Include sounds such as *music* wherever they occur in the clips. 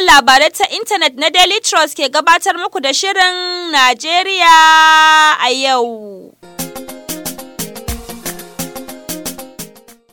Sashen labarai ta intanet na Daily Trust ke gabatar muku da Shirin Najeriya a yau.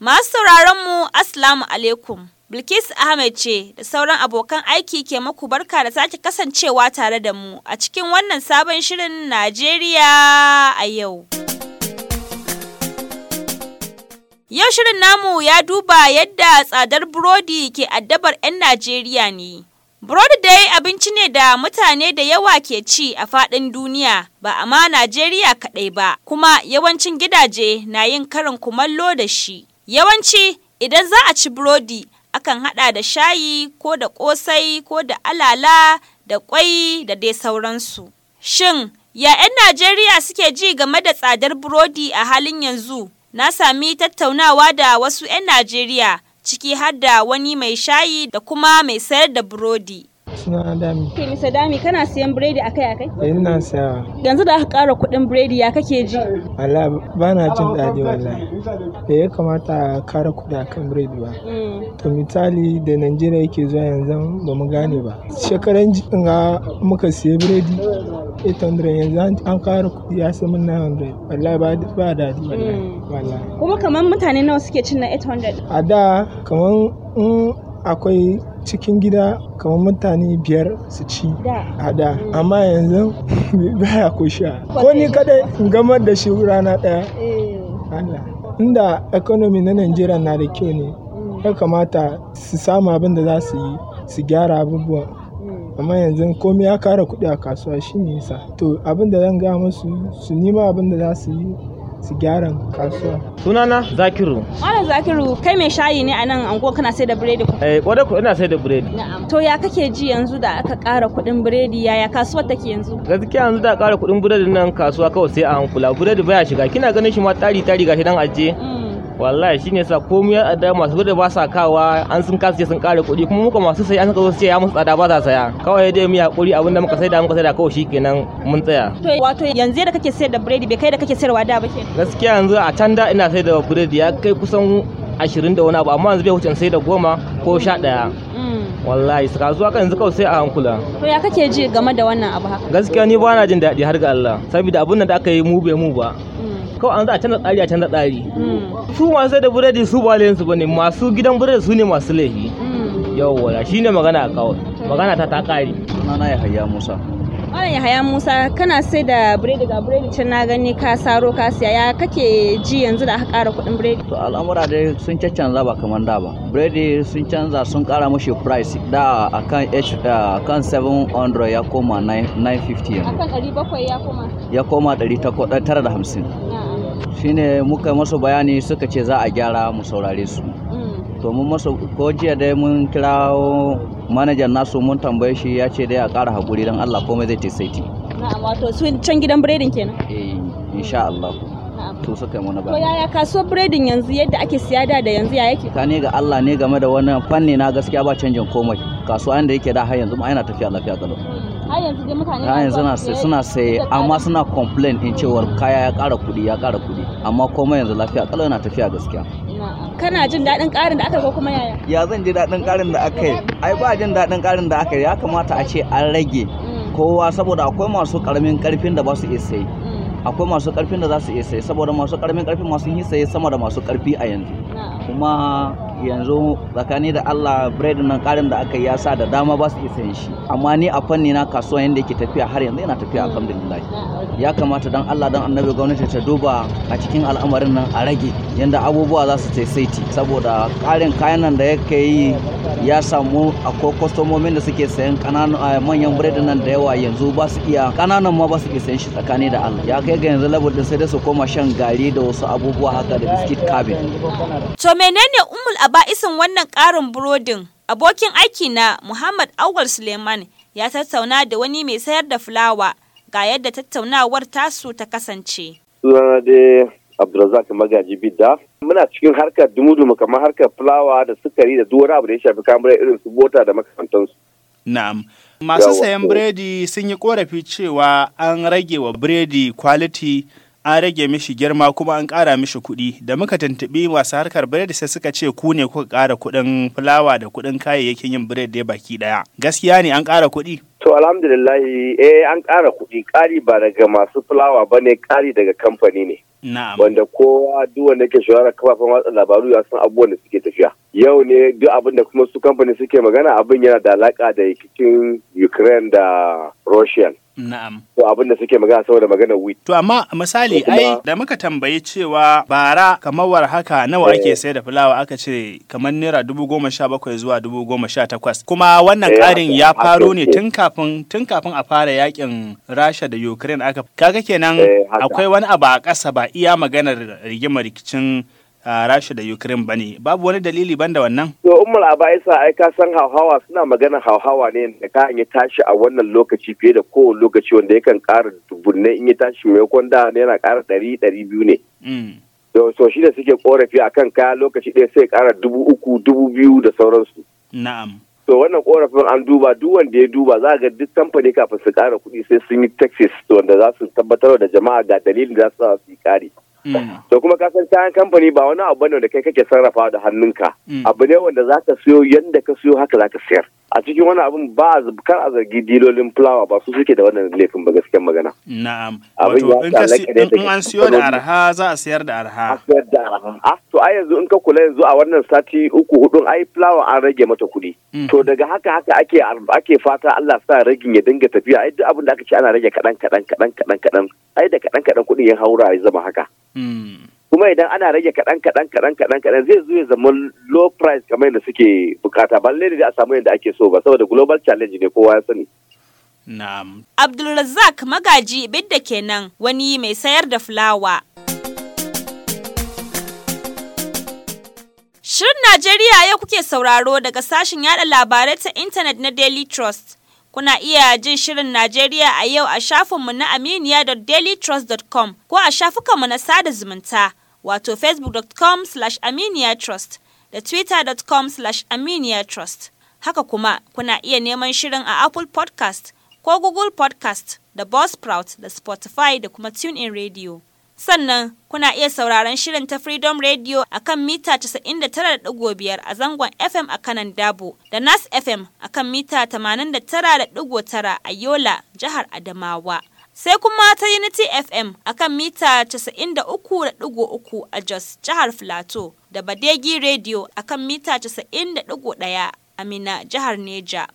Masu mu Assalamu alaikum. Bilkis Ahmed ce da sauran abokan aiki ke muku barka da sake kasancewa tare da mu a cikin wannan sabon shirin Najeriya a yau. Yau shirin namu ya duba yadda tsadar burodi ke addabar 'yan Najeriya ne. Burodi dai abinci ne da mutane da yawa ke ci a faɗin duniya ba a ma Najeriya kaɗai ba, kuma yawancin gidaje na yin karin kumallo da shi. Yawanci idan za a ci burodi akan haɗa da shayi ko da ƙosai ko da alala da ƙwai da dai sauransu. Shin ya 'yan Najeriya suke ji game da tsadar burodi a halin yanzu? Na sami tattaunawa da wasu 'yan Najeriya. ciki har da wani mai shayi da kuma mai sayar da burodi. Suna Dami. Ke Mr. Dami kana siyan biredi akai akai? Eh ina siyawa. Yanzu da aka ƙara kuɗin biredi ya kake ji? Allah ba na jin daɗi wallahi. Da ya kamata a ƙara kuɗi akan biredi ba. Mm. To misali da Najeriya yake zuwa yanzu ba mu gane ba. Shekaran jiya muka siya biredi 800 yanzu an kara kuɗi ya sami 900 wallahi ba daɗi wallahi mm. kuma kamar mutane nawa suke cin na 800 a da kamar in akwai cikin gida kamar mutane biyar su ci a da mm. amma yanzu *laughs* baya ko sha ko ni kadai in gamar da shi rana ɗaya eh. Allah inda economy na Najeriya na da kyau ne mm. ya kamata su samu abin da za su yi su gyara abubuwan amma yanzu komai ya ƙara kuɗi a kasuwa shi ne yasa. To abin da zan gaya musu su nima abin da za su yi su gyara kasuwa. Sunana Zakiru. Malam Zakiru kai mai shayi ne a nan ango kana sai da biredi ku? Eh kwada ku ina sai da biredi. Na'am. To ya kake ji yanzu da aka ƙara kuɗin biredi yaya kasuwar take yanzu? Gaskiya yanzu da ƙara kuɗin biredi nan kasuwa kawai sai a hankula biredi baya shiga kina ganin shi ma tari tari gashi nan aje? Mm. wallahi shi ne sa komai ya tsada masu da ba sa kawa an sun kasa sun kare kuɗi kuma muka masu sai an zo su ya musu tsada ba za saya kawai dai mu hakuri abin da muka sai da muka sai da kawai kenan mun tsaya to wato yanzu da kake sayar da biredi bai kai da kake sayarwa da ba ke gaskiya yanzu a can da ina sayar da biredi ya kai kusan ashirin da wani abu amma yanzu bai wuce sai da goma ko sha ɗaya mm. wallahi su kasuwa kan yanzu kawai sai a hankula to ya kake ji game da wannan abu haka gaskiya ni ba na jin daɗi har ga Allah saboda abun da aka yi mu bai mu ba mm. kawai an za a canza tsari a canza tsari hmm. su masu sai da buredi su ba su bane masu gidan buredi su ne masu laifi hmm. yawwa shi ne magana kawai magana ta ta kare sunana ya haya musa Malam Yahaya Musa kana sai da biredi ga biredi can na gani ka saro ka siya ya kake ji yanzu da aka ƙara kuɗin biredi? To al'amura dai sun canza ba kamar da ba. Biredi sun canza sun ƙara mashi price da akan H akan 700 ya koma 950 yanzu. Akan 700 ya koma? Ya koma 950. shine muka masu bayani suka ce za a gyara mu saurare su mm. to mun masu ko jiya dai mun kira manajan nasu mun tambaye shi ya ce dai a ƙara hakuri don allah komai zai tesaiti na'am wato sun can gidan biredin kenan eh insha allah to suka yi mana ba. yaya kasuwar biredin yanzu yadda ake siya da da yanzu ya yake ka ne ga Allah ne game da wannan fanni na gaskiya ba canjin komai kasuwa inda yake da har yanzu ma yana tafiya lafiya galo. Hmm. har yanzu dai mutane har yanzu suna sai suna sai amma suna complain in cewar kaya ya ƙara kuɗi ya ƙara kuɗi amma komai yanzu lafiya galo yana tafiya gaskiya kana jin daɗin ƙarin da aka ko kuma yaya ya zan ji daɗin ƙarin da aka yi ai ba jin daɗin ƙarin da aka yi ya kamata a ce an rage hmm. kowa saboda akwai masu ƙaramin ƙarfin da ba su iya akwai masu karfin da za su iya saye saboda masu karfin karfi masu yi saye sama da masu karfi a yanzu kuma yanzu tsakani da Allah bread nan karin da aka yasa ya sa da dama ba su isa shi amma ni a fanni na kasuwa yanda yake tafiya har yanzu yana tafiya alhamdulillah ya kamata dan Allah dan annabi gwamnati ta duba a cikin al'amarin nan a rage yanda abubuwa za su saisaiti saboda karin kayan nan da yake yi ya samu akwai kwastomomin da suke sayan kananan eh, manyan bread nan da yawa yanzu ba su iya kananan ma ba su isa shi tsakani da Allah ya kai ga yanzu level din sai da su koma shan gari da wasu abubuwa haka da biskit cabin to menene ummul ba'isin wannan ƙarin burodin, abokin aiki na Muhammad Awal Suleiman ya tattauna da wani mai sayar da fulawa ga yadda tattaunawar tasu ta kasance. Suna da Abdulrazak Magaji Bidda. Muna cikin harkar dumudu kamar harkar fulawa da sukari da duk abu da ya shafi kamar irin su bota da makamantansu. Na'am. Masu sayan biredi sun yi korafi cewa an rage wa biredi quality an rage mishi girma kuma an ƙara mishi kuɗi da muka tuntuɓi masu harkar biredi sai suka ce ku ne kuka ƙara kuɗin fulawa da kuɗin kayayyakin yin biredi baki ɗaya gaskiya ne an ƙara kuɗi to alhamdulillahi eh an ƙara kuɗi ƙari ba daga masu fulawa ba ne ƙari daga kamfani ne Na'am. Wanda kowa duk wanda yake shawarar kafafen watsa labaru ya san abubuwan da suke tafiya. Yau ne duk abin da kuma su kamfani suke magana abin yana da alaƙa da rikicin Ukraine da Russia. Na'am. To abin da suke magana saboda magana wit. To amma misali ai da muka tambayi cewa bara kamar haka nawa eh. ake sayar da fulawa aka ce kamar naira dubu goma sha bakwai zuwa dubu goma sha takwas. Kuma wannan eh, ƙarin ya faro ne tun kafin tun kafin a fara yakin Rasha da Ukraine aka kaga kenan eh, akwai wani abu a ƙasa ba iya maganar rigimar rikicin Rasha da Ukraine bane babu wani dalili banda wannan. To ummul abaisa ai ka san hauhawa suna magana hauhawa ne da ka ya tashi a wannan lokaci fiye da kowane lokaci wanda yakan kara dubunne in ya tashi maimakon da yana ƙara ɗari ɗari biyu ne. Mm. To so shi da suke korafi a kan kaya lokaci ɗaya sai kara dubu uku dubu biyu da sauransu. Na'am. to wannan korafin an duba duk wanda ya duba za a ga duk kamfani kafin su kara kuɗi sai sun yi taxes wanda za su tabbatar da jama'a ga dalilin da za su yi kare. Mm. to kuma ka san kayan kamfani ba wani abu bane da kai kake sarrafa da hannunka mm. abu ne wanda zaka siyo yanda ka siyo haka zaka siyar a cikin wani abin ba a kar a zargi dilolin fulawa ba su suke da wannan laifin ba gaskiyar magana. Na'am. Abin ya da an siyo da arha za a sayar da arha. A sayar da arha. Ah, to ai yanzu in ka kula yanzu a wannan sati uku hudun ai fulawa an rage mata kuɗi. Mm. To daga haka haka ake ake fata Allah sa ragin ya dinga tafiya ai duk abin da aka ce ana rage kaɗan kaɗan kaɗan kaɗan kaɗan ai da kaɗan kaɗan kuɗin ya haura ya zama haka. Mm. kuma idan ana rage kaɗan kaɗan kaɗan kaɗan kaɗan zai zo ya zama low price kamar yadda suke bukata ba lalle da a samu yadda ake so ba saboda global challenge ne kowa ya sani na'am Abdulrazak magaji bidda kenan wani mai sayar da fulawa Shirin Najeriya ya kuke sauraro daga sashen yada labarai ta intanet na Daily Trust. Kuna iya jin Shirin Najeriya a yau a shafinmu na aminiya.dailytrust.com ko a shafukanmu na sada zumunta. wato facebook.com slash aminiya trust da twitter.com slash aminiya trust. Haka kuma kuna iya neman shirin a Apple podcast ko Google podcast da Buzzsprout da Spotify da kuma TuneIn Radio. Sannan kuna iya sauraron shirin ta Freedom Radio a kan mita 99.5 a zangon FM a kanan Dabo da Nas FM a kan mita 89.9 a Yola, jihar Adamawa. sai kuma ta Unity FM a kan mita 93.3 a Jos jihar Filato da Badegi Radio a kan mita 91.1 a Mina jihar Neja.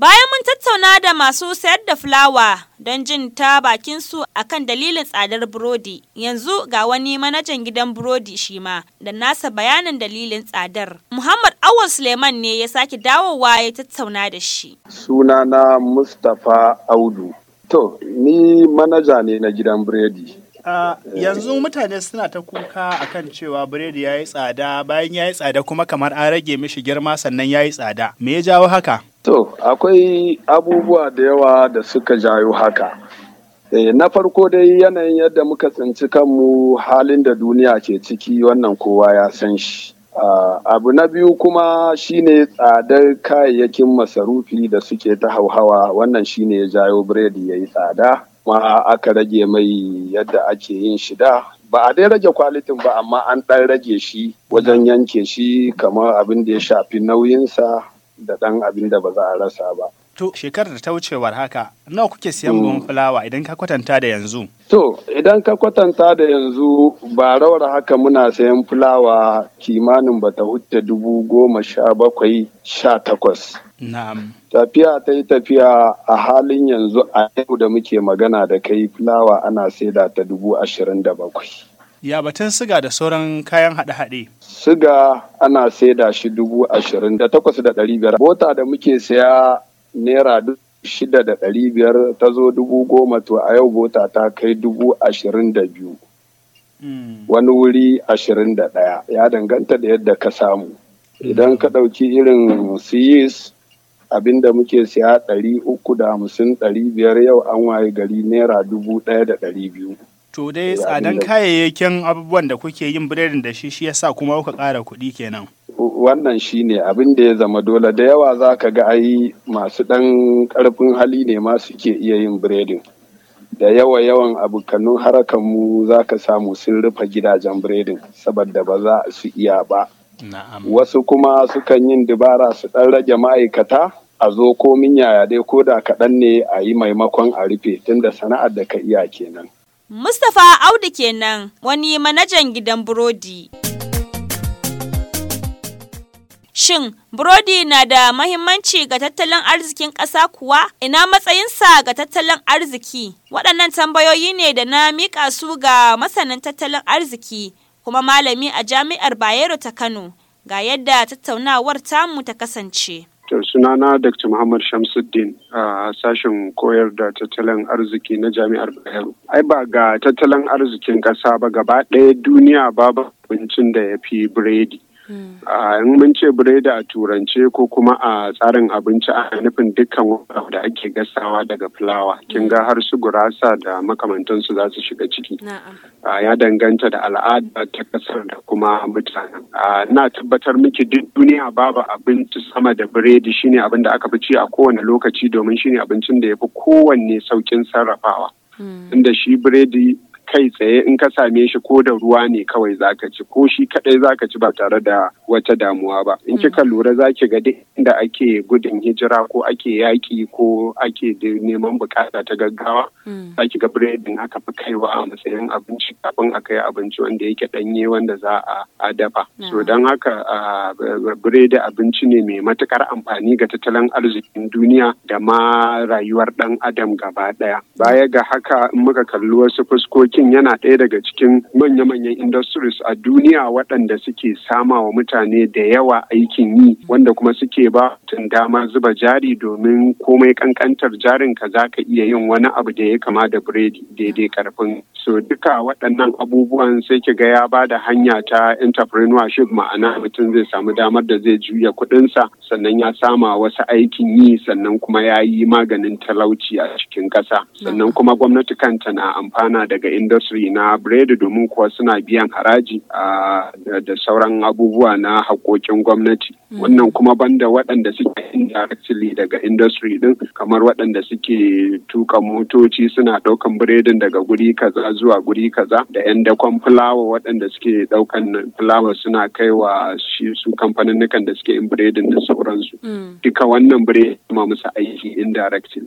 Bayan mun tattauna da masu sayar da fulawa don jin ta bakinsu a kan dalilin tsadar burodi, yanzu ga wani manajan gidan burodi shi ma da nasa bayanin dalilin tsadar. Muhammad Awul Suleiman ne ya sake dawowa ya tattauna da shi. Sunana Mustapha Audu. To, ni manaja ne na gidan burodi. Uh, yanzu mutane suna ta kuka akan cewa biredi ya yi tsada bayan ya yi tsada kuma kamar an rage mishi girma sannan ya yi tsada me ya jawo haka To, akwai abubuwa da yawa da suka jayo haka. Eh, na farko dai yanayin yadda muka tsinci kanmu halin da duniya ke ciki wannan kowa ya san shi. Ah, abu na biyu kuma shine tsadar kayayyakin masarufi da suke ta hauhawa wannan shine ya jayo biredi ya yi tsada, ma aka rage mai yadda ake yin shida da ba a dai rage kwalitin ba amma an ɗan rage shi wajen yanke shi kamar abin da ya shafi nauyinsa da ɗan abin da ba za a rasa ba. To shekarar da ta wucewar haka nawa kuke siyan mm. buhun fulawa idan ka kwatanta da yanzu? To idan ka kwatanta da yanzu ba rawar haka muna sayan fulawa kimanin ba ta huce dubu goma sha bakwai sha takwas. Na'am. Tafiya ta yi tafiya a halin yanzu a yau da muke magana da kai fulawa ana saida ta dubu ashirin da bakwai. ya batun siga da sauran kayan haɗe-haɗe. Siga ana saida shi dubu ashirin da takwas da ɗari biyar. Bota da muke saya naira shida da ɗari biyar ta zo dubu goma to a yau bota ta kai dubu ashirin da biyu. Hmm. Wani wuri ashirin da ɗaya ya danganta da yadda ka samu. Idan ka ɗauki irin siyis abin da muke siya ɗari uku da hamsin ɗari biyar yau an waye gari naira dubu ɗaya da ɗari biyu. To dai eh, tsadan kayayyakin abubuwan da kuke yin biredin da shi shi yasa kuma kuka ƙara kuɗi kenan. Wannan shi ne abin da ya zama dole da yawa za ka ga ai masu ɗan ƙarfin hali ne ma suke iya yin biredin. Da yawa yawan abokanin harakan mu za ka samu sun rufe gidajen biredin saboda ba za su iya ba. Wasu kuma sukan yin dubara su ɗan rage ma'aikata a zo komin yaya dai ko da kaɗan ne a yi maimakon a rufe tunda sana'ar da ka iya kenan. Mustapha Audu kenan wani manajan gidan burodi. Shin burodi na da mahimmanci ga tattalin arzikin ƙasa kuwa? Ina matsayinsa ga tattalin arziki? Waɗannan tambayoyi ne da na miƙa su ga masanin tattalin arziki kuma malami a jami'ar Bayero ta Kano ga yadda tattaunawar tamu ta kasance. To sunana Dr. Muhammad Shamsuddin a sashen koyar da tattalin arziki na Jami'ar Bayero. Ai ba ga tattalin arzikin ƙasa ba gaba ɗaya duniya babu abincin da ya fi biredi. in mun ce biredi a turance ko kuma a tsarin abinci a nufin dukkan da ake gasawa daga fulawa kin ga har su gurasa da makamantansu za su shiga ciki ya danganta da al'ada ta kasar da kuma mutanen na tabbatar miki duk duniya babu abinci sama da biredi shine abin da aka fi ci a kowane lokaci domin shine abincin da ya fi kowanne saukin sarrafawa inda hmm. shi biredi kai tsaye in ka same shi ko da ruwa ne kawai zaka ci ko shi kadai zaka ci ba tare da wata damuwa ba in mm. kika lura zaki ga duk inda ake gudun hijira ko ake yaki ko ake neman bukata ta gaggawa mm. zaki ga biredin aka fi kaiwa a matsayin abinci kafin a kai abinci wanda yake danye wanda za a dafa so don haka biredi abinci ne mai matukar amfani ga tattalin arzikin duniya da ma rayuwar dan adam gaba daya baya ga haka in muka kalli wasu fuskoki Banking yana ɗaya daga cikin manya-manyan industries a duniya waɗanda suke sama wa mutane da yawa aikin yi wanda kuma suke ba tun damar zuba jari domin komai ƙanƙantar jarin ka za ka iya yin wani abu da ya kama da biredi daidai karfin so duka waɗannan abubuwan sai ki ga ya ba da hanya ta entrepreneurship ma'ana mutum zai samu damar da zai juya kuɗinsa sannan ya sama wasu aikin yi sannan kuma ya yi maganin talauci a cikin ƙasa sannan kuma gwamnati kanta na amfana daga inda industry na biredi domin kuwa suna biyan haraji da sauran abubuwa na haƙoƙin gwamnati mm. wannan kuma banda waɗanda suke indirectly daga industry din kamar waɗanda suke tuka motoci suna ɗaukan biredin daga guri kaza zuwa guri kaza da 'yan dakon fulawa waɗanda suke ɗaukan fulawa suna kaiwa shi su kamfanin da suke biredin da sauransu mm. duka wannan biredi ma musu aiki indirectly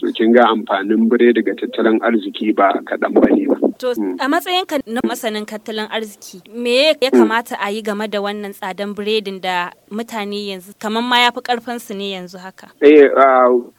so kin ga amfanin biredi ga tattalin arziki ba kaɗan ba ne ba To mm. a matsayinka na masanin tattalin arziki, me ya kamata a yi game da wannan tsadan biredin da mutane yanzu kamar ma ya fi su ne yanzu haka? Eh,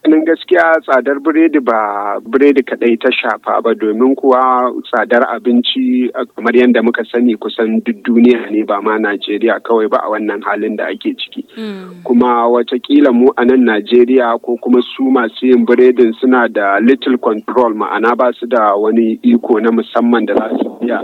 ganin gaskiya tsadar biredi ba biredi kaɗai ta shafa ba domin kuwa tsadar abinci kamar yadda muka sani kusan duk duniya ne ba ma Najeriya kawai ba a wannan halin da ake ciki. Mm. Kuma watakila mu a nan Najeriya ko kuma su masu yin biredin suna da little control ma'ana ba su da wani iko na musamman da za su iya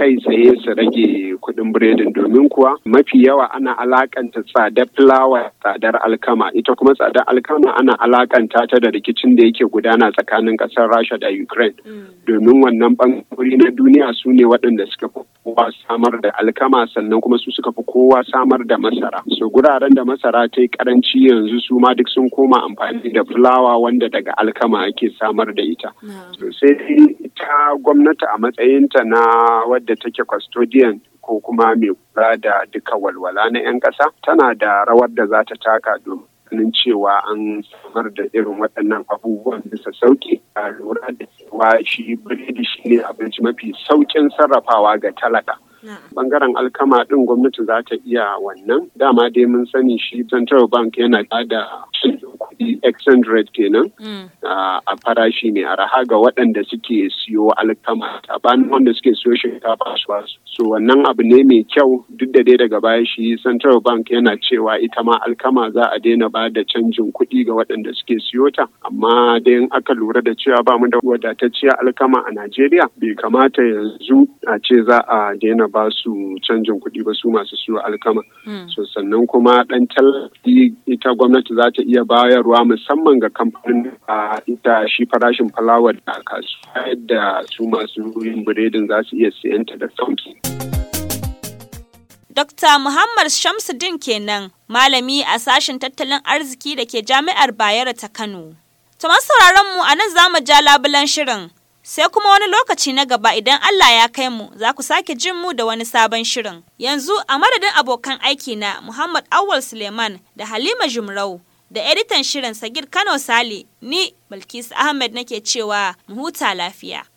kai tsaye su rage kudin biredin domin kuwa mafi yawa ana alakanta tsadar fulawa tsadar alkama ita kuma tsadar alkama ana alakanta ta da rikicin da yake gudana tsakanin ƙasar rasha da ukraine mm. domin wannan ɓangarori na duniya su ne waɗanda suka fi kowa samar da alkama sannan kuma su suka fi kowa samar da masara so guraren da masara ta yi karanci yanzu su ma duk sun koma amfani da fulawa wanda daga alkama ake samar da ita sosai ita gwamnati a matsayinta na wadda take custodian ko kuma mai kula da duka walwala na 'yan ƙasa tana da rawar da za ta taka domin ganin cewa an samar da irin waɗannan abubuwan bisa sauƙi a lura da cewa shi biredi shi ne abinci mafi sauƙin sarrafawa ga talaka. Bangaren alkama ɗin gwamnati za ta iya wannan dama dai mun sani shi Central Bank yana da exchange rate kenan mm. a farashi ne a raha ga waɗanda suke siyo alkama taban wanda suke siyo shinkafa su so wannan abu ne mai kyau duk da dai daga baya shi central bank yana cewa ita ma alkama za a daina ba da canjin kuɗi ga waɗanda suke siyo ta amma dai in aka lura da cewa ba mu da wadatacciyar alkama a najeriya bai kamata yanzu a ce za a daina ba su canjin kuɗi ba su masu siyo alkama mm. sannan kuma ɗan tallafi ita gwamnati za ta iya bayarwa faruwa musamman ga kamfanin a ita shi farashin fulawa da kasuwa yadda su masu yin biredin za su iya siyanta da sauki. Dokta Muhammad Shamsuddin kenan, malami a sashen tattalin arziki da ke Jami'ar Bayero ta Kano. Tumar sauraron mu a nan za mu ja labulan shirin, sai kuma wani lokaci na gaba idan Allah ya kai mu za ku sake jin mu da wani sabon shirin. Yanzu a madadin abokan aiki na Muhammad Awal Suleiman da Halima Jumrau. da editan shirin Sagir Kano Sale ni Bilkisu Ahmed nake cewa mu huta lafiya.